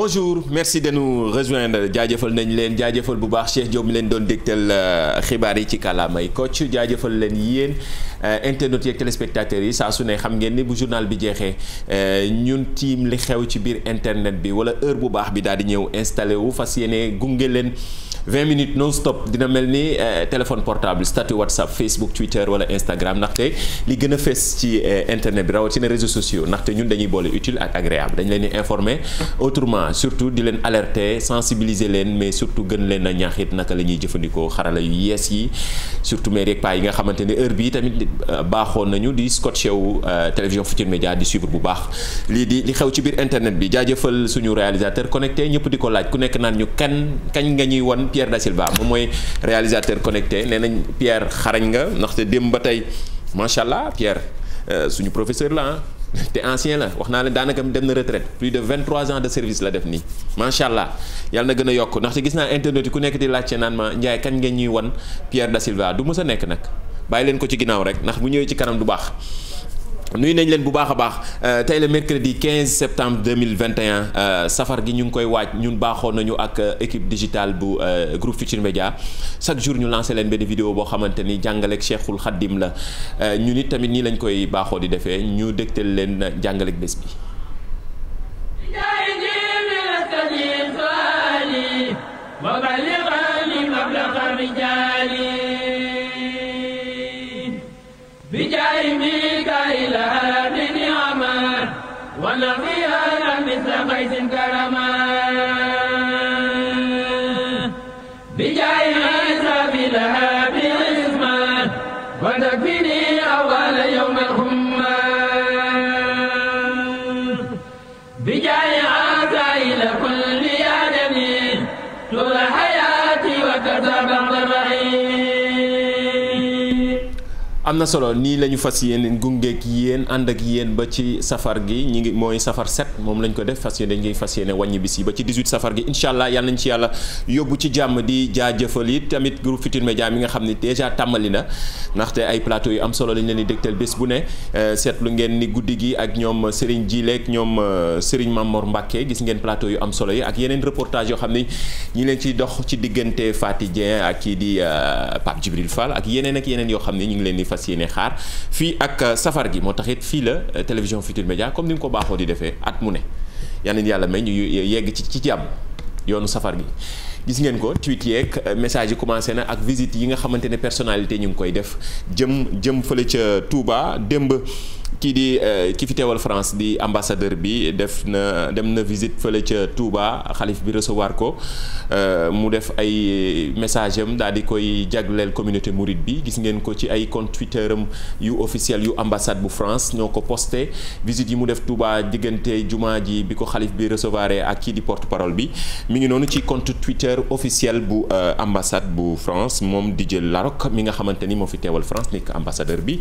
bonjour merci de nous rejoindre jaajëfal nañu leen jaajëfal bu baax Cheikh Diop mi leen doon dégtal euh, xibaar yi ci kàllaamay Kocc jaajëfal leen yéen. Euh, internautes yeeg téléspectateurs yi saa su ne xam ngeen ni bu journal bi jeexee euh, ñun tiim li xew ci biir internet bi wala heure bu baax bi daal di ñëw installé wu fas yéene gunge leen 20 minutes non stop dina mel ni euh, téléphone portable statut whatsapp facebook twitter wala instagram ndaxte li gën a fees ci internet bi rawatina réseaux sociaux ndaxte ñun dañuy boole utile ak agréable dañ leen di informer autrement surtout di leen alerte sensibiliser leen mais surtout gën leen a ñaaxit naka la ñuy jëfandikoo xarala yu yees yi surtout mais yi nga xamante ne heure bii tamit baaxoon nañu di scotché wu euh, télévision Futurs Médias di suivre bu baax lii di li xew ci biir internet bi jaajëfal suñu réalisateur connecté ñëpp di ko laaj ku nekk naan ñu kan kañ nga ñuy wan Pierre Da Silva moom mooy réalisateur connecté nee nañ Pierre xarañ nga ndaxte démb ba tey macha allah Pierre euh, suñu professeur la ah te ancien la wax naa leen daanaka dem na retraite plus de 23 ans de service la def nii macha allah yàlla gën a yokk ndaxte gis naa internet yi ku nekk di laajte naan ma Ndiaye kañ ngeen ñuy wan Pierre Da Silva du mës a nekk nag. bàyyi leen ko ci ginnaaw rek ndax bu ñëwee ci kanam du baax nuyu nañ leen bu baax a baax euh, tey la mercredi 15 septembre 2021 euh, safar gi ñu ngi koy waaj ñun baaxoo nañu ak euh, équipe digitale bu groupe Futurs média chaque jour ñu lancé leen benn vidéo boo xamante ni jàngaleeg Cheikhul Khadim la ñu nit tamit nii lañ koy baaxoo di defee ñu dégtal leen jàngaleeg bés bi. هكذا بعد معين am na solo nii la ñu fas yéen gungeek yéen ànd ak yéen ba ci safar gi ñi ngi mooy safar set moom lañ ko def fas yéen dañ ngiy fas yéene wàññi bis yi ba ci 18 safar gi incha allah yàlla nañ ci yàlla yóbbu ci jàmm di jaajëfal yi tamit groupe Futurs Médias mi nga xam ne déjà tàmmali na ndaxte ay plateau yu am solo lañ leen di dégtal bés bu ne euh, seetlu ngeen ni guddi gi ak ñoom Serigne Jileek ñoom euh, Serigne Mamor Mbacke gis ngeen plateau yu am solo yi ak yeneen reportage yoo xam ne ñi leen ciy dox ci diggante Faty Dieng ak kii di euh, Pape Djibril Fall ak yeneen ak yeneen yoo xam ne ñu ngi leen di fas fas xaar fii ak euh, safar gi moo tax it fii la euh, télévision Futur Média comme ni mu ko baaxoo di defee at mu ne yal yàlla may ñu yegg ci ci jàmm yoonu safar gi gis ngeen ko tweet yeeg euh, message yi commencé na ak visite yi nga xamante ne personnalité ñu ngi koy def jëm jëm fële ca Touba démb kii di eh, ki fi teewal France di ambassadeur bi def na dem na visite fële ca Touba xalif bi recevoir ko eh, mu def ay message am daal di koy jagleel communauté mouride bi gis ngeen ko ci ay compte Twitter am yu officiel yu ambassade bu France ñoo ko posté visite yi mu def Touba diggante juma ji bi ko xalif bi recevoire ak kii di porte parole bi mi ngi noonu ci compte Twitter officiel bu eh, ambassade bu France moom di jël Larocque mi nga xamante ni moo fi teewal France nekk ambassadeur bi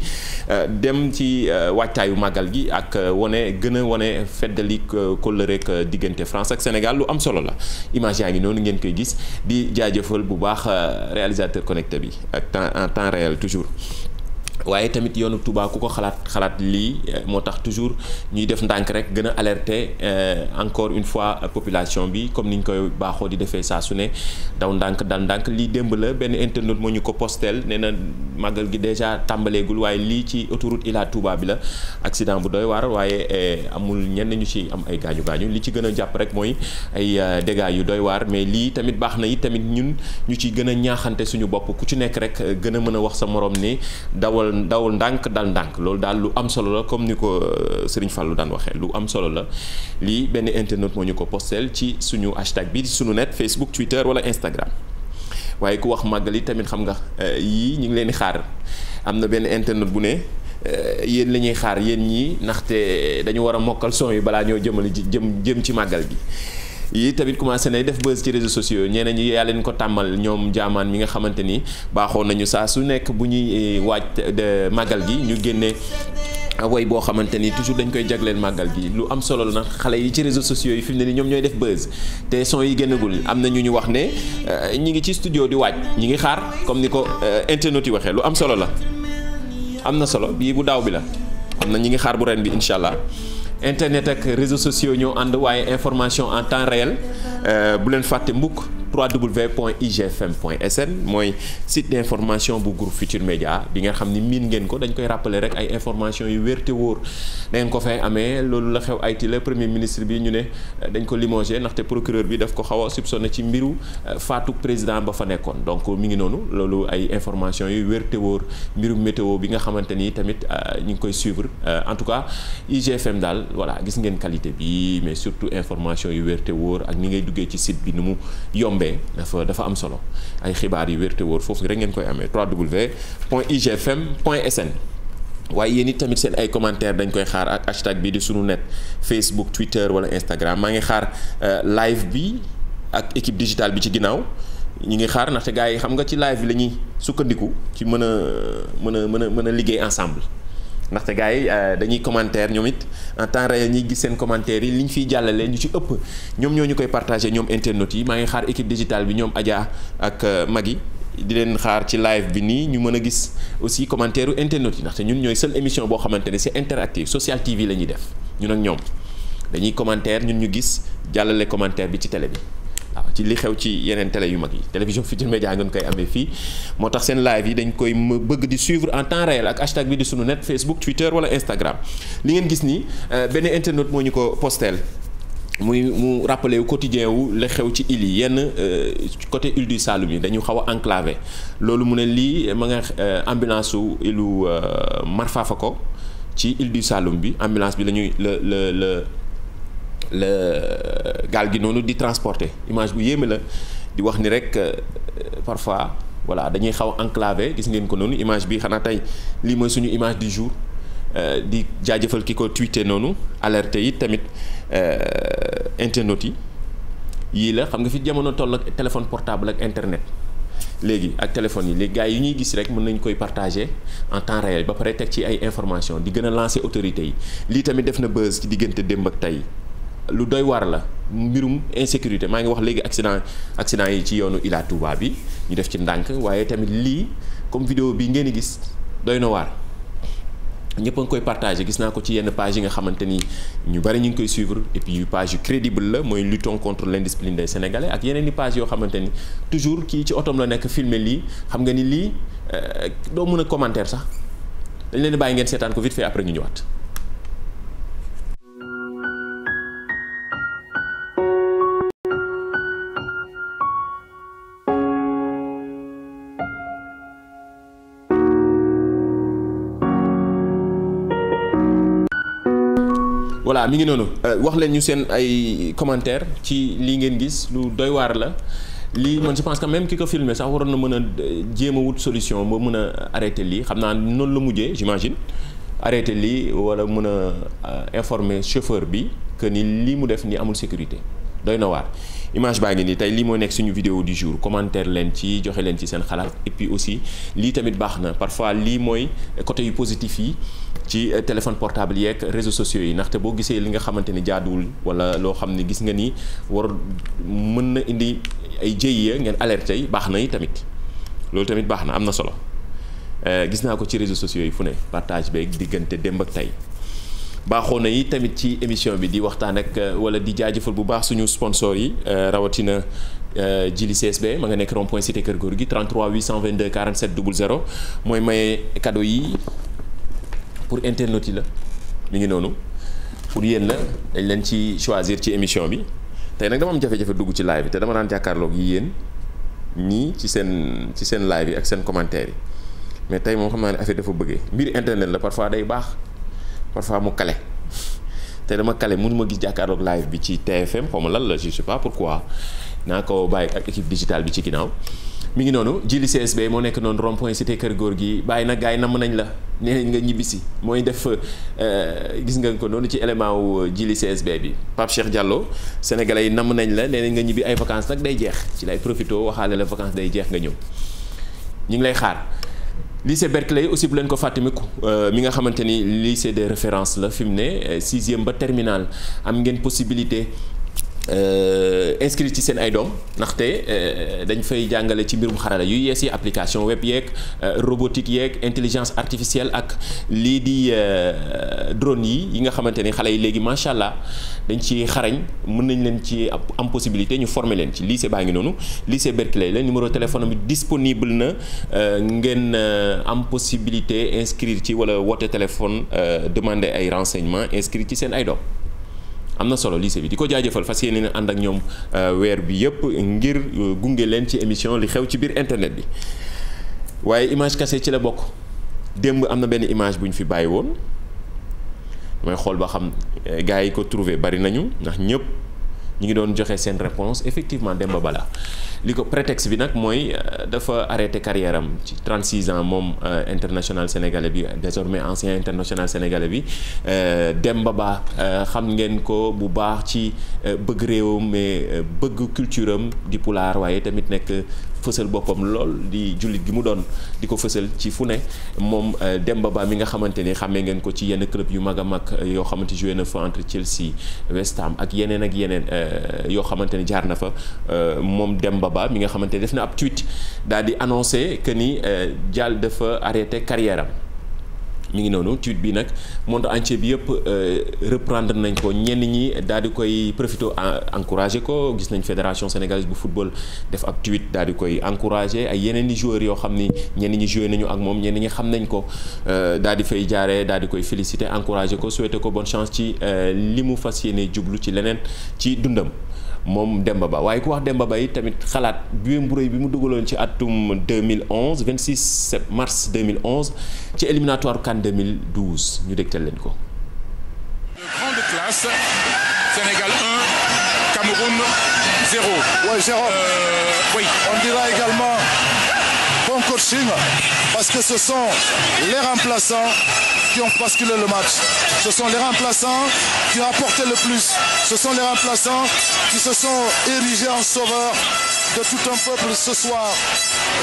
dem ci. waajtaayu màggal gi ak euh, wane gën a wane feddali euh, kóllëre ak euh, diggante France ak Sénégal lu am solo la image yaa ngi noonu ngeen koy gis di jaajëfal bu baax réalisateur connecté bi ak temps en temps réal toujours waaye tamit yoonu Touba ku ko xalaat xalaat lii eh, moo tax toujours ñuy def ndànk rek gën a alerter eh, encore une fois population bi comme ni ñu koy baaxoo di defee saa su ne daw ndànk dal ndànk lii démb la benn internet moo ñu ko postel nee na gi déjà tàmbaleegul waaye lii ci autoroute Ila Touba bi la accident bu doy waar waaye eh, amul ñenn ñu ci am ay gaañu gaañu li ci gën a jàpp rek mooy ay dégâts yu doy waar mais lii tamit baax na it tamit ñun ñu ci gën a ñaaxante suñu bopp ku ci nekk rek gën a mën a wax sa morom ni dawal dal dawul ndànk dal ndànk loolu daal lu am solo la comme ni ko euh, Serigne Fallou daan waxee lu am solo la lii benn internet moo ñu ko postel ci suñu hashtag bi suñu net Facebook Twitter wala Instagram waaye ku wax màggal yi tamit xam nga euh, yii ñu ngi leen di xaar am na benn internet bu ne. Euh, yéen la ñuy xaar yéen ñii ndaxte dañu war a mokkal son yi balaa ñoo jëmali jëm jëm ci màggal gi yi tamit commencé nay def buzz ci réseaux sociaux ñeneen ñi yaa leen ko tàmmal ñoom jaamaan ñi nga xamante ni baaxoon nañu sax su nekk bu ñuy eh, waaj de màggal gi ñu génne way boo xamante ni toujours dañ koy jagleel màggal gi lu am solo la nag xale yi ci réseaux sociaux yi fi mu ne nii ñoom ñooy def buzz te son yi génnagul am na ñu ñu wax ne eh, ñi ngi ci studio di waaj ñi ngi xaar comme ni ko eh, internet yi waxee lu am solo la am na solo bii bu daaw bi la xam na ñi ngi xaar bu ren bi incha allah. internet ak réseaux sociaux ñoo ànd waaye information en temps réel euh, bu leen fàttee mbukk point www.igfm.sn mooy site d'information bu groupe Futur Média bi nga xam ni miin ngeen ko dañ koy rappeler rek ay information yu wér te wóor da ko fay amee loolu la xew Haïti la premier ministre bi ñu ne euh, dañ ko limogé ndaxte procureur bi daf ko xaw a soupçonné ci mbiru euh, faatu président ba fa nekkoon donc euh, mi ngi noonu loolu ay information yu wér wóor mbiru météo bi nga xamante ni tamit ñu ngi koy suivre en tout cas IGFM daal wala gis ngeen qualité bi mais surtout information yu wér te ak ni ngay duggee ci site bi nu mu yomb tombee dafa dafa am solo ay xibaar yu wér te foofu rek ngeen koy amee trois point point www.igfm.sn waaye yéen it tamit seen ay commentaire dañ koy xaar ak hashtag bi di sunu net Facebook Twitter wala Instagram maa ngi xaar euh, live bi ak équipe digitale bi ci ginnaaw ñi ngi xaar ndaxte gars yi xam nga ci live bi la ñuy sukkandiku ci mën a mën a mën a mën a liggéey ensemble ndaxte gars yi euh, dañuy commentaire ñoom it en temps réel ñuy gis seen commentaire yi li ñu fiy jàllale ñu ci ëpp ñoom ñoo ñu koy partagé ñoom internautes yi maa ngi xaar équipe digitale bi ñoom Adja ak euh, Magui di leen xaar ci live bi nii ñu mën a gis aussi commentaire u yi ndaxte ñun ñooy seule émission boo xamante ne c'est interactive social TV la ñuy def ñun ak ñoom dañuy commentaire ñun ñu gis jàllale commentaire bi ci télé bi. ci li xew ci yeneen télé yu mag yi télévision Futurs Médias ngeen koy amee fii moo tax seen live yi dañ koy bëgg di suivre en ten réel ak hashtag bi di sunu net Facebook Twitter wala Instagram li ngeen gis ni euh, benn internaute moo ñu ko postel muy mu rappelé wu quotidien wu la xew ci il yi yenn euh, côté île du Saloum yi dañu xaw a enclavé loolu mu ne lii ma nga euh, ambulance su ilu Marfafa ko ci île du Saloum bi ambulance bi la ñuy la la la la gaal gi noonu di transporter image bu yéeme la di wax ni rek euh, parfois voilà dañuy xaw enclavé gis ngeen ko noonu image bi xanaa tey lii mooy suñu image du jour euh, di jaajëfal ki ko tweeté noonu alerté it tamit euh, internautes yi yii la xam nga fi jamono toll ak téléphone portable ak internet léegi ak téléphone yi léegi gars yi ñuy gis rek mën nañ koy partager en temps réel ba pare teg ci ay information di gën a lancer autorités yi lii tamit def na buzz ci diggante démb tey lu doy waar la mbirum insécurité maa ngi wax léegi accident accident yi ci yoonu ilaa Touba bi ñu def ci ndànk waaye tamit lii comme vidéo bi ngeen gis doy na waar ñëpp a ngi koy partagé gis naa ko ci yenn page yi nga xamante ni ñu bari ñu ngi koy suivre et puis page yu crédible la mooy luttons contre l'indiscipline des sénégalais ak yeneen i page yoo xamante ni toujours kii ci otom la nekk filmer lii xam nga ni lii euh, doo mën a commentaire sax dañ leen bàyyi ngeen seetaan ko vite après ñu ñëwaat. voilà ngi noonu euh, wax leen ñu seen ay commentaire ci lii ngeen gis lu doy waar la lii man je pense que même ki ko filme sax waroon na mën a euh, jéem a wut solution ba mën a arrêté lii xam naa noonu la mujjee j'imagine arrêté lii wala mën a euh, informer chauffeur bi que ni lii mu def ni amul sécurité doy na waar image baa ngi nii tey lii moo nekk suñu vidéo du jour commentaire leen ci joxe leen ci seen xalaat et puis aussi lii tamit baax na parfois lii mooy côté yu positif yi ci euh, téléphone portable yeeg réseau sociaux yi ndaxte boo gisee li nga xamante ni jaaduwul wala loo xam ne gis nga ni war mën na indi ay jéyya ngeen alerté yi baax na yi tamit loolu tamit baax na am na solo euh, gis naa ko ci réseaux sociaux yi fu ne partage beeg diggante démb ak tey baaxoo na yi tamit ci émission bi di waxtaan ak euh, wala di jaajëfal bu baax suñu sponsor yi euh, rawatina euh, Jili CSB ma nga nekk rond point cité Kër Góor gi 33 822 47 00 mooy maye cadeau yi pour internautes yi la mu ngi noonu pour yéen la dañ leen ci choisir ci émission bi tey nag dama am jafe-jafe dugg ci live bi te dama daan jàkkaarloog yi yéen ñii ci seen ci seen live yi ak seen commentaire yi mais tey moom xam naa ne affaire dafa bëggee mbir internet la parfois day baax. parfois mu kale te dama kale mënu ma gis jàkkaarloog live bi ci TFM xaw ma lan la je sais pas pourquoi naa ko bàyyi ak équipe digitale bi ci ginnaaw mi ngi noonu jili CSB moo nekk noonu rond point cité kër góor gi bàyyi na gars yi namm nañ la nee nga ñibbi si mooy def euh, gis nga ko noonu ci élément wu euh, jili CSB bi Pape Cheikh Diallo sénégalais yi namm nañ la nee nga ñibbi ay vacances nag day jeex ci lay profité waxaale la vacances day jeex nga ñëw ñu ngi lay xaar. lycée Berkeley aussi bu leen ko fàttimiku euh, mi nga xamante ni lycée de référence la fi mu ne euh, sixième ba terminal am ngeen possibilité Euh, inscrit ci seen ay doom ndaxte euh, dañ fay jàngale ci mbirum xarala yu yees yi application web yeeg euh, robotique yeeg intelligence artificielle ak lii di drone yi yi nga xamante ni xale yi léegi macha allah dañ ci xarañ mun nañ leen ci am possibilité ñu former leen ci lycée baa ngi noonu lycée Berkeley la numéro téléphone bi disponible na ngeen am possibilité inscrire ci wala woote téléphone demander ay renseignements inscrire ci seen ay doom. am na solo lycée bi di ko jaajëfal fas yéene na ànd ak ñoom euh, weer bi yëpp ngir euh, gunge leen ci émission li xew ci biir internet bi waaye image kase ci la bokk démb am na benn image bu ñu fi bàyyi woon mooy xool ba xam euh, gars yi ko trouver bari nañu ndax ñëpp. ñu ngi doon joxe seen réponse effectivement Demba Bala li ko prétexte bi nag mooy euh, dafa arrêté carrière am ci 36 ans moom euh, international sénégalais bi désormais ancien international sénégalais bi euh, Demba Ba xam ngeen ko bu baax ci bëgg réewam bëgg culture am di pulaar waaye tamit nekk fësal boppam lool di jullit gi mu doon di ko fësal ci fu ne moom euh, Demba Ba mi nga xamante ni xamee ngeen ko ci yenn club yu mag a mag euh, yoo xamante joué na fa entre Chelsea West ak yeneen ak yeneen euh, yoo xamante ni jaar na fa moom Demba Ba mi nga xamante ni def na ab tweet daal di annoncé que ni Dial dafa arrêté carrière mi ngi noonu tweet bi nag monde entier bi yëpp euh, reprendre nañ ko ñenn ñi daal di koy profité encouragé ko gis nañ fédération sénégalaise bu football def ab tweet daal di koy encouragé ay yeneen i joueurs yoo xam ni ñenn ñi joué nañu ak moom ñenn ñi xam nañ ko euh, daal di fay jaaree daal koy félicité encouragé ko souhaité ko bonne chance ci euh, li mu fas yéene jublu ci leneen ci dundam. moom Demba Ba waaye ku wax Demba Ba yi tamit xalaat bu mburéy bi mu dugaloon ci atum 2011 26 mars 2011 ci éliminatoire CAN 2012 ñu dégtal leen ko. grande classe Sénégal 1 Cameroun 0. Euh, oui on dira également bon coaching parce que ce sont les remplaçants qui ont basculé le match. ce sont les remplaçants qui ont apporté le plus. Ce sont les remplaçants qui se sont érigés en sauveurs de tout un peuple ce soir.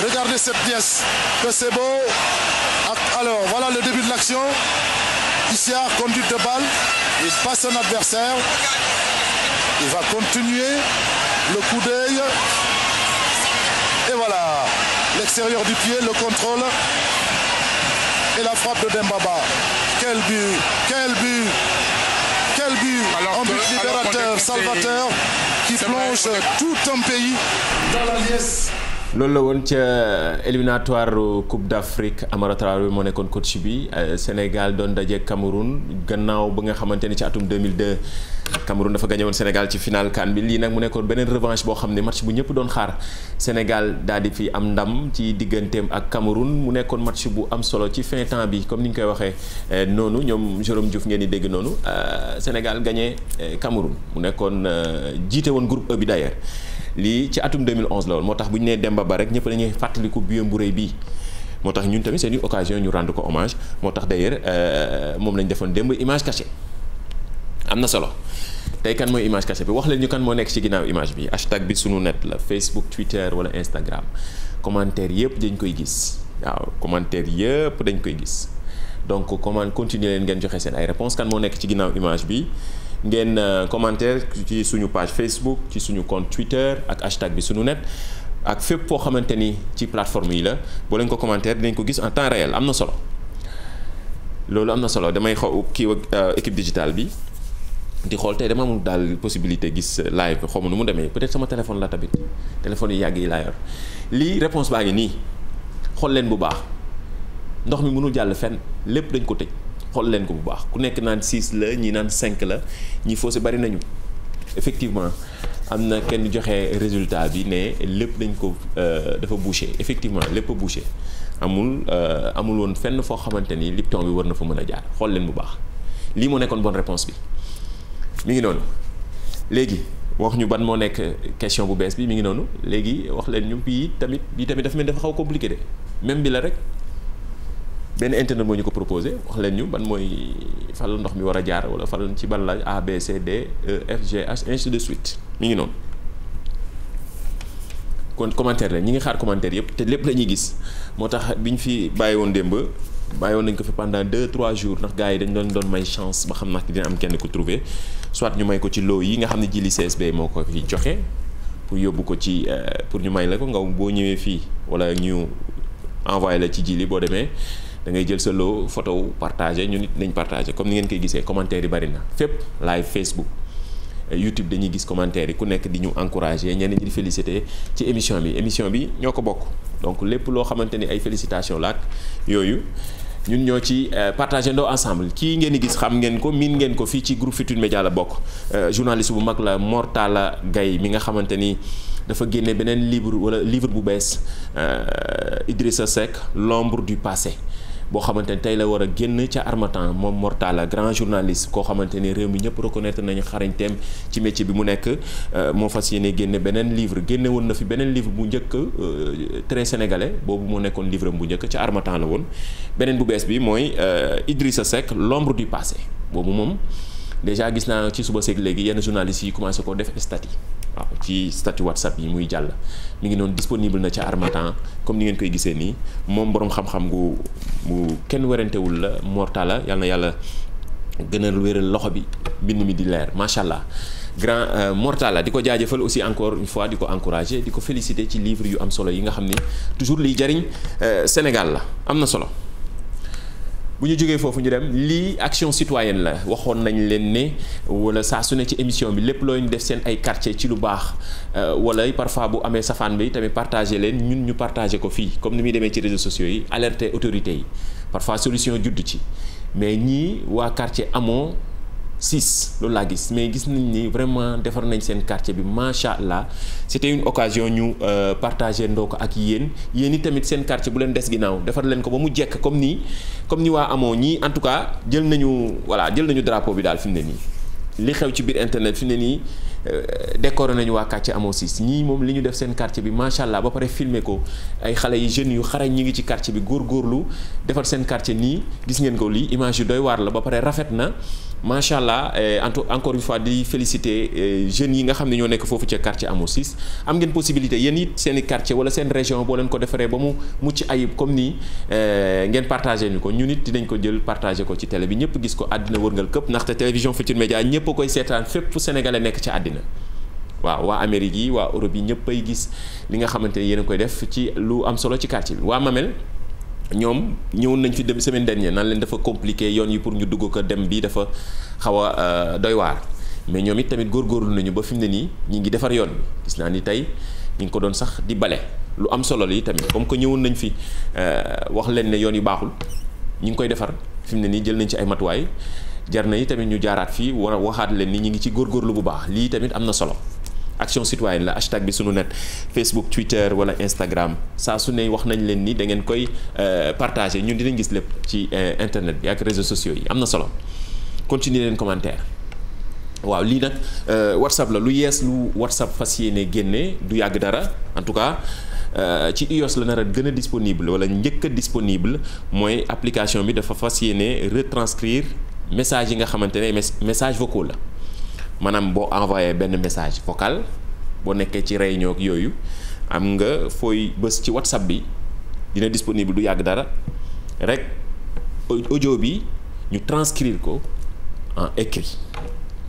Regardez cette pièce, que c'est beau. Alors, voilà le début de l'action. Issiar, conduite de balle, il passe son adversaire. Il va continuer le coup d'œil. Et voilà, l'extérieur du pied, le contrôle et la frappe de Dembaba. Quel but, quel but but, alors un but que, libérateur, salvateur, qui plonge tout un pays dans la liesse loolu la woon ca éliminatoire Coupe d'Afrique Amara Traoré moo nekkoon coach bi euh, Sénégal doon daje Cameroun gannaaw ba nga xamante ni ci atum 2002 Cameroun dafa gañe woon Sénégal ci final CAN bi lii nag mu nekkoon beneen revanche boo xam ne match bu ñëpp doon xaar Sénégal daal di fi am ndam ci digganteem ak Cameroun mu nekkoon match bu am solo ci fin temps bi comme ni koy waxee euh, noonu ñoom Jérôme Diouf ngeen di dégg noonu euh, Sénégal gañe Cameroun mu nekkoon jiite woon groupe E bi d'ailleurs lii ci atum 2011 la woon moo tax bu ñu nee dem Ba rek ñëpp dañuy fàttaliku biem bu rëy bi moo tax ñun tamit seen une occasion ñu rendre ko hommage moo tax d'ailleurs euh, moom lañ defoon démb image cachée am na solo tey kan mooy image cachée bi wax leen ñu kan moo nekk ci ginnaaw image bi hashtag bi sunu net la Facebook Twitter wala Instagram commentaire yëpp dañ koy gis waaw commentaire yëpp dañ koy gis donc comment continuer leen ngeen joxe seen ay réponses kan moo nekk ci ginnaaw image bi ngeen euh, commentaire ci suñu page Facebook ci suñu compte Twitter ak hashtag bi suñu net ak fépp foo xamante ni ci plateforme yi la boo leen ko commentaire dinañ ko gis en temps réel am na solo loolu am na solo damay xaw kii euh, équipe digitale bi di xool tey dama amul daal possibilité gis euh, live xaw ma nu mu demee peut-être sama téléphone la tamit téléphone yi yàgg yi laa yor lii réponse baa ngi nii xool leen bu baax ndox mi mënul jàll fen lépp dañ ko tëj. xool leen ko bu baax ku nekk naan 6 la ñi naan 5 la ñi foo si bari nañu effectivement am na kenn joxe résultat bi ne lépp dañ ko euh, dafa bouché effectivement lépp a bouché amul euh, amul woon fenn foo xamante ni Lipton bi war na fa mën a jaar xool leen bu baax lii moo nekkoon bonne réponse bi mi ngi noonu léegi wax ñu ban moo nekk question bu bees bi mi ngi noonu léegi wax leen ñu bii tamit bii tamit dafa mel dafa xaw compliqué de même bi la rek benn internet moo ñu ko proposé wax leen ñu ban mooy fan la ndox mi war a jaar wala fan ci ban la A B C D E F G de suite mi ngi noonu kon commentaire la ñi ngi xaar commentaire yëpp te lépp la ñuy gis moo tax bi ñu fi bàyyi woon démb bàyyi woon nañ ko fi pendant deux trois jours ndax gars yi dañ doon doon may chance ba xam nag dina am kenn ko trouvé soit ñu may ko ci loo yi nga xam ne jili CSB moo ko fi joxe pour yóbbu ko ci euh, pour ñu may la ko nga boo ñëwee fii wala ñu envoyé la ci jili boo demee. da ngay jël sa loo photo partagé ñu it nañ partagé comme ni ngeen koy gisee commentaire yi bari na fépp live Facebook euh, YouTube dañuy gis commentaire yi ku nekk di ñu encouragé ñenn ñi di félicité ci émission bi émission bi ñoo ko bokk donc lépp loo xamante ni ay félicitations laak yooyu ñun ñoo ci euh, partagé ndoo ensemble kii ngeen di gis xam ngeen ko miin ngeen ko fii ci groupe Futurs Médias la bokk euh, journaliste bu mag la Mortala Gaye mi nga xamante ni dafa génne beneen livre wala livre bu bees Idrissa Seck l'ombre du passé boo xamante ne tey la war a génn ca Harmattan moom Mortala grand journaliste koo xamante ne réew mi ñëpp reconnaître nañu xarañteem ci métier bi mu nekk euh, moo fas yéene génne beneen livre génne woon na fi beneen livre bu njëkk euh, très sénégalais boobu moo nekkoon livre am bu njëkk ca Harmattan la woon beneen bu bees bi mooy euh, Idrissa Seck l'ombre du passé boobu moom déjà gis naa ci suba seeg léegi yenn journalistes yi commencé ko def statut waaw ci statut whatsapp yi muy jàll mi ngi noonu disponible na ci Harmattan comme ni ngeen koy gisee nii moom boroom xam-xam gu mu kenn werantewul la mortala yàlla yàlla gën a wéral loxo bi mbind mi di leer macha allah grand euh, mortala di ko jaajëfal aussi encore une fois di ko encourager di ko féliciter ci livre yu am solo yi nga xam ni toujours liy jariñ euh, Sénégal la am na solo bu ñu jógee foofu ñu dem lii action citoyenne la waxoon nañ leen ne wala saa su ne ci émission bi lépp ñu def seen ay quartier ci lu baax euh, wala parfois bu amee safaan bi tamit partagé leen ñun ñu partagé ko fii comme ni muy demee ci réseaux sociaux yi alerter autorités yi parfois solution judd ci mais ñii waa quartier amoo six loolu laa gis mais gis nañ ni vraiment defar nañ seen quartier bi macha allah c'était une occasion ñu euh, partager ndoo ko ak yéen yéen yi tamit seen quartier bu leen des ginnaaw defar leen ko ba mu jekk comme nii comme ni waa amoo ñii en tout cas jël nañu voilà jël nañu drapeau bi daal fi mu ne nii li xew ci biir internet fi ne nii euh, décoré nañu waa quartier amoo six ñii moom li ñu def seen quartier bi macha allah ba pare filmer ko ay xale yi jeunes yu xarañ ñu ngi ci quartier bi góorgóorlu defar seen quartier nii gis ngeen ko lii image yu waar la ba pare rafet na macha allah eh, encore une fa di féliciter eh, jeunes yi nga xam ne ñoo nekk foofu ca quartier Hamo 6 am ngeen possibilité yéen it seen i quartier seen région boo leen ko defaree ba mu mucc ayib comme nii eh, ngeen partagé ñu ko ñun it dinañ ko jël partagé ko ci télé bi ñëpp gis ko àddina wërngal këpp ndaxte télévision Futurs Médias ñëpp koy seetaan fépp fu sénégalais nekk ci àddina. waaw waa Amérique yi waa Europe yi ñëpp ay gis li nga xamante ni yéen a koy def ci lu am solo ci quartier waa Mamel. ñoom ñëwoon nañ fi dem semaine dernière nan leen dafa compliqué yoon yi pour ñu dugg ko dem bi dafa xaw a euh, doy waar mais ñoom it tamit góorgóorlu nañu ba fi mu ne nii ñi ngi defar yoon bi gis naa ni tey ñu ngi ko doon sax di bale lu am solo la tamit comme que ñëwoon nañ fi euh, wax leen ne yoon yu ñu ngi koy defar fi mu ne nii jël nañ ci ay matuwaay jar na yi ñu jaaraat fii war waxaat leen ni ñu ngi ci góorgóorlu bu baax lii tamit am na solo action citoyenne la hashtag bi sunu net Facebook Twitter wala Instagram saa su ne wax nañ leen nii da ngeen koy euh, partager ñun dinañ gis lépp ci euh, internet bi ak réseaux sociaux yi am na solo continuer leen commentaire waaw lii nag euh, WhatsApp la lu yees lu WhatsApp fas yéene génne du yàgg dara en tout cas. ci iOS la nar a gën a disponible wala njëkk disponible mooy application bi dafa fas yéene retranscrire message yi nga xamante ne message vocaux la maanaam boo envoyé benn message vocal boo nekkee ci réunion yooyu am nga fooy bës ci whatsapp bi dina disponible du yàgg dara rek audio bi ñu transcrire ko en écrit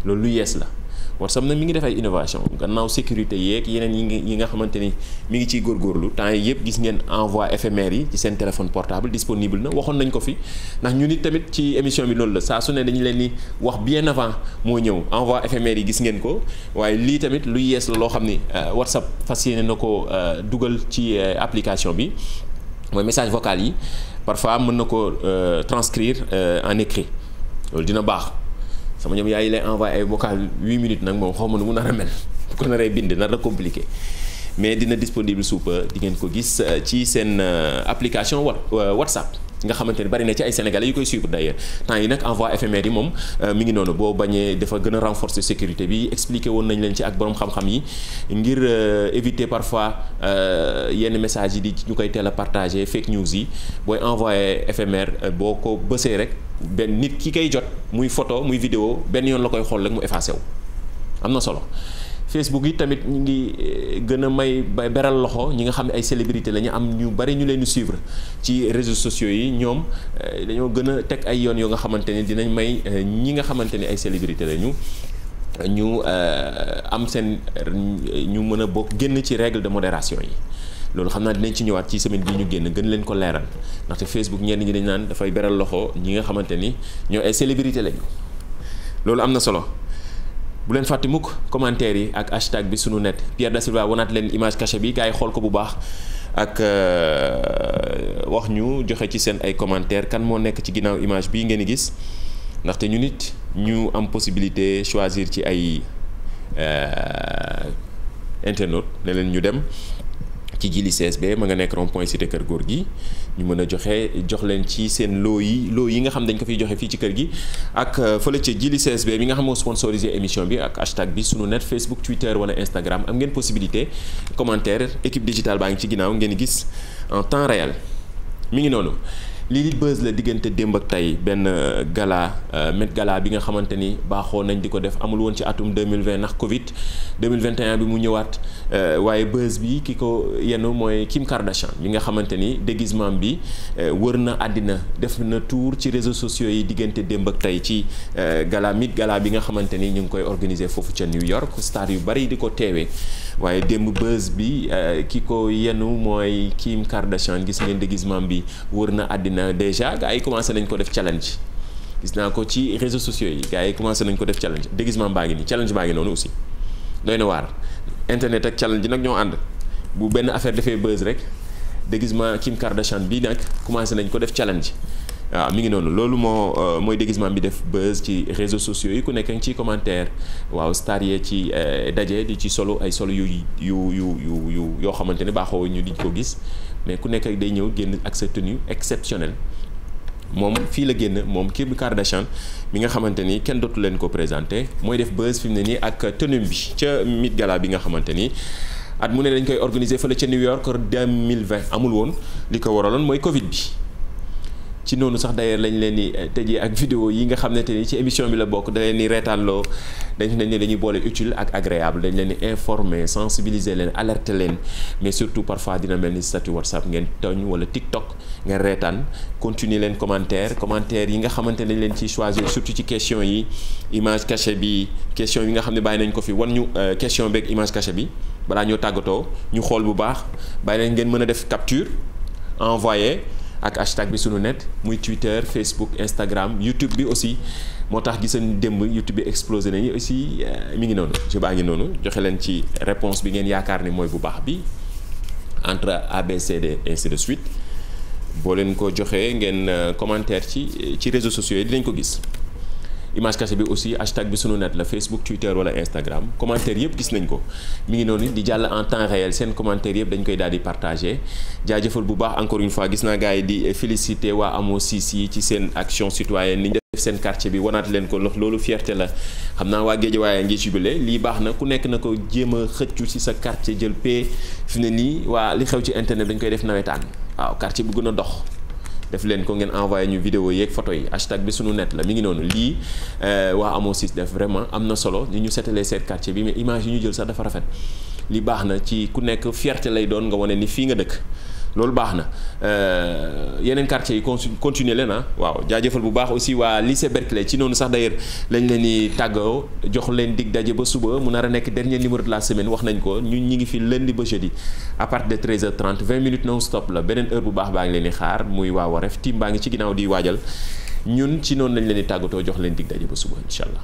loolu lu yees la WhatsApp nag mi ngi def ay innovation gannaaw sécurité yeeg yeneen yi ngi yi nga xamante ni mi ngi ciy góorgóorlu temps yi yëpp gis ngeen envoi éphémère yi ci seen téléphone portable disponible na waxoon nañ ko fi ndax ñu nit tamit ci émission bi loolu la saa su ne dañu leen ni wax bien avant moo ñëw envoi éphémère yi gis ngeen ko waaye lii tamit lu yees la loo xam ni euh, WhatsApp fas yéene na ko euh, dugal ci euh, application bi mooy message vocal yi parfois mën na ko transcrire en écrit loolu dina baax sama ñoom yaay yi lay envoyé ay vocal huit minutes nag moom xaw ma nu mu nar a mel bu ko naree bind nar a compliqué mais dina disponible suupa dingeen ko gis euh, ci seen euh, application euh, Whatsapp nga xamante ne bari na ci ay sénégalais yi koy suivre d'ailleurs temps yi nag envoi fmr yi moom euh, mi ngi noonu boo bañee dafa gën a renforce sécurité bi expliqué woon nañ leen ci ak borom xam-xam yi ngir euh, éviter parfois euh, yenn message yi di ñu koy teel a partager fake news yi booy envoyé fmr boo ko bësee rek benn nit ki koy jot muy photo muy vidéo benn yoon la koy xool rek mu effacé wu am na solo. Facebook yi tamit ñu ngi eh, gën a may beral loxo ñi nga xam ne ay célébrité la ñu am ñu bari ñu leen di ci réseaux sociaux yi ñoom eh, dañoo gën a teg ay yoon yoo nga xamante ne dinañ may eh, ñi nga xamante ne ay célébrité la ñu ñu am seen ñu mën a bokk génn ci règle de modération yi loolu xam naa dinañ ci ñëwaat ci semaine bi ñu génn gën leen ko leeral ndaxte Facebook ñenn ñi dañ naan dafay beral loxo ñi nga xamante ni ñoo ay célébrité lañu loolu am na solo bu leen fàtte mukk commentaire yi ak hashtag bi suñu net Pierre da Silva wanaat leen image cachée bi gars yi xool ko bu baax ak euh, wax ñu joxe ci seen ay commentaire kan moo nekk ci ginnaaw image bii ngeen gis ndaxte ñu nit ñu am possibilité choisir ci ay euh, internautes ne ñu dem ci jili CSB ma nga nekk rond point cité kër góor gi ñu mën a joxe jox leen ci seen loo yi loo yi nga xam dañ ko fiy joxe fii ci kër gi ak euh, fële ca jili CSB bi nga xam moo sponsorisé émission bi ak hashtag bi sunu net Facebook Twitter wala Instagram am ngeen possibilité commentaire équipe digitale baa ngi ci ginnaaw ngeen gis en temps réel mi ngi noonu. lii di buzz la diggante démb ak tey benn euh, gala euh, met gala bi nga xamante ni baaxoo nañ di ko def amul woon ci atum 2020 ndax Covid 2021 bi mu ñëwaat euh, waaye buzz bi ki ko yenn mooy Kim Kardashian bi nga xamante ni déguisement bi wër na àddina def na tour ci réseau sociaux yi diggante démb ak tey ci gala mit gala bi nga xamante ni ñu ngi koy organiser foofu ca New York star yu bari di ko teewee. waaye démb bës bi euh, ki ko yenu mooy Kim Kardashian gis ngeen déguisement bi wër na àddina déjà gars commencé nañ ko def challenge gis naa ko ci réseaux sociaux yi gars commencé nañ ko def challenge déguisement baa ngi nii challenge baa ngi noonu aussi doy na waar internet ak challenge nag ñoo ànd bu benn affaire defee buzz rek déguisement Kim Kardashian bii nag commencé nañ ko def challenge waaw mi ngi noonu loolu moo euh, mooy déguisement bi def buzz ci réseaux sociaux yi ku nekk ngi ci commentaire waaw star yee ci euh, daje di ci solo ay solo yu yu yu yu yu yoo xamante ne baaxoo ñu di ko gis mais ku nekk day ñëw génn ak sa tenu exceptionnelle moom fii la génn moom Kim Kardashian mi nga xamante ni kenn dootu leen ko présenté mooy def buzz fi mu ne nii ak tenue bi ca Met Gala bi nga xamante ni. at mu ne dañ koy organiser fële ca New York 2020 amul woon li ko waraloon mooy Covid bi. ci noonu sax d'ailleurs lañ leen di eh, tëjee ak vidéo yi nga xam ne te ni ci émission bi la bokk da leen di reetaanloo dañ ne dañuy boole utile ak agréable dañ leen di informer leen alerter leen mais surtout parfois dina mel ni statut WhatsApp ngeen tooñ wala TikTok ngeen reetaan continuer leen commentaire commentaire yi nga xamante ne dañ leen ciy choisir surtout ci question yi image cachée bi question yi nga xam ne bàyyi nañ ko fi war ñu eh, question beeg image cachée bi balaa ñoo tàggatoo ñu xool bu baax bàyyi ngeen mën a def capture envoyer. ak hashtag bi sunu net muy Twitter Facebook Instagram YouTube bi aussi moo tax giseen démb YouTube bi explosé nañu aussi euh, mi ngi noonu ci baa ngi noonu joxe leen ci réponse bi ngeen yaakaar ni mooy bu baax bi entre ABCD ainsi de suite boo leen ko joxee ngeen euh, commentaire ci euh, ci réseau sociaux yi dinañ ko gis image cachée bi aussi hashtag bi sunu net la Facebook Twitter wala Instagram commentaire yëpp gis nañ ko mi ngi noonu di jàll en temps réel seen commentaire yëpp dañ koy daal di partagé bu baax encore une fois gis naa gars yi di félicité waa amoo siis yi ci seen action citoyenne ni ñu def seen quartier bi wanaat leen ko lox loolu fierté la xam naa waa Géejawaay a ngi jubilé lii baax na ku nekk na ko jéem a xëccu ci sa quartier jël pee fi ne nii waa li xew ci internet dañ koy def nawetaan waaw quartier bu gën a dox def leen ko ngeen envoyé ñu video yeeg photo yi hashtag bi suñu net la mi ngi noonu lii euh, waa amoo sis def vraiment am na solo ñu ñu setalee seen quartier bi mais image ñu jël sax dafa rafet li baax na ci ku nekk fierte lay doon nga wane ni fii nga dëkk loolu baax na euh, yeneen quartier yi continuer leen ah waaw jaajëfal bu baax aussi waa lycée Berkeley ci noonu sax d'ailleurs lañ leen di tàggoo jox leen dig daje ba suba mu nar a nekk dernier numéro de la semaine wax nañ ko ñun ñi ngi fi lundi ba jeudi à partir de 13h30 20 minutes non stop la beneen heure bu baax baa ngi leen di xaar muy waa Wareef team baa ngi ci ginnaaw di waajal ñun ci noonu lañ leen di tàggatoo jox leen dig daje ba suba incha allah